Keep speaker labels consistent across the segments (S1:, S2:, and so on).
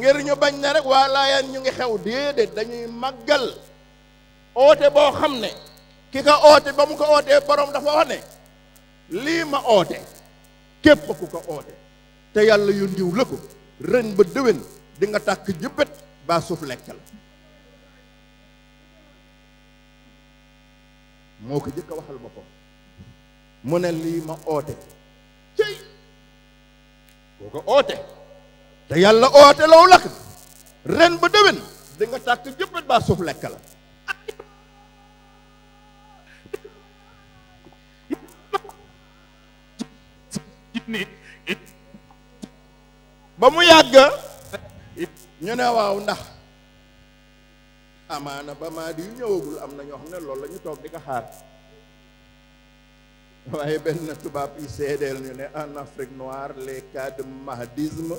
S1: ngir ñu bañ na rek waa laayaan ñu ngi xew déedéet dañuy màggal oote boo xam ne ki ko oote ba mu ko ootee borom dafa wax ne lii ma oote képp ku ko oote te yàlla yóndiw la ko di nga tàkk jëppét baa suuf lekk jëkk a mu ne lii ma oote céy koo ko oote te yàlla oote law lakk ren ba déwén di nga tàkk jëppët baa suuf lekk la ba mu yàgg ñu ne waaw ndax amaana ba maa di ñëwagul am na ñoo xam loolu di ko xaar yi ñu ne en Afrique noire les cas de mahdisme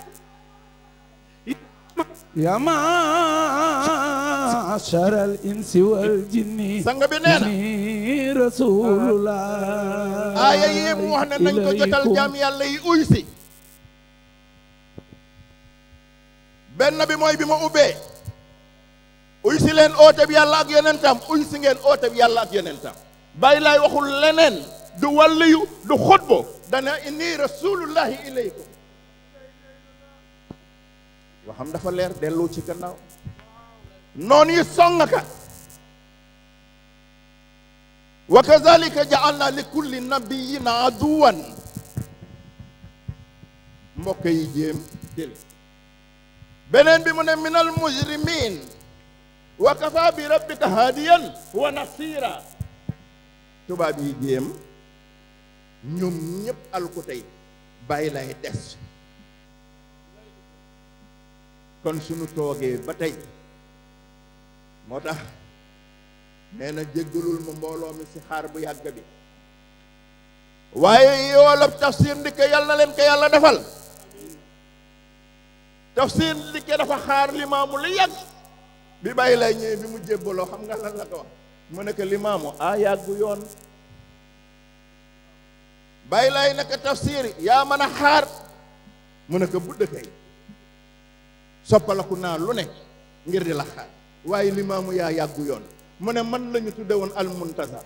S1: يا معشر الإنس والجن sang bi nee na رسول aaya yi mu wax ne nañ ko jotal jaam yàlla yi uy si benn bi mooy bi ma ubbee uy leen oote bi yàlla ak yonentam uy si ngeen oote bi yàlla ak yonentam bàyyi lay waxul leneen du wàlliyu du xutbo dana inni rasulullahi ilaykum waxam dafa leer delloo ci gannaaw noonu yi song ka wa kazalika ja'alna li kulli nabiyyin aduwan mbokk yi jéem jël beneen bi mu ne min al mujrimin wa kafa bi rabbika hadiyan wa nasira tubaab yi jéem ñoom ñëpp alku tey bàyyi lay des kon sunu toogee ba tey moo tax nee na jéggalul mi si xaar bu yàgg bi waaye yoolab tafsir ndikke yàlla na leen ko yàlla defal tafsir ndikke dafa xaar limaamu lu yàgg bi bàyyi lay ñëwee bi mu jébbaloo xam nga lan la ko wax mu ne ko limaamu ah yàggu yoon bàyyi lay naka tafsir yaa mën xaar mu ne ko bu dëkkee soppalaku naa lu ne ngir di la xaar waaye limaamu yaa yàggu yoon mu ne man lañu ñu woon almuntazar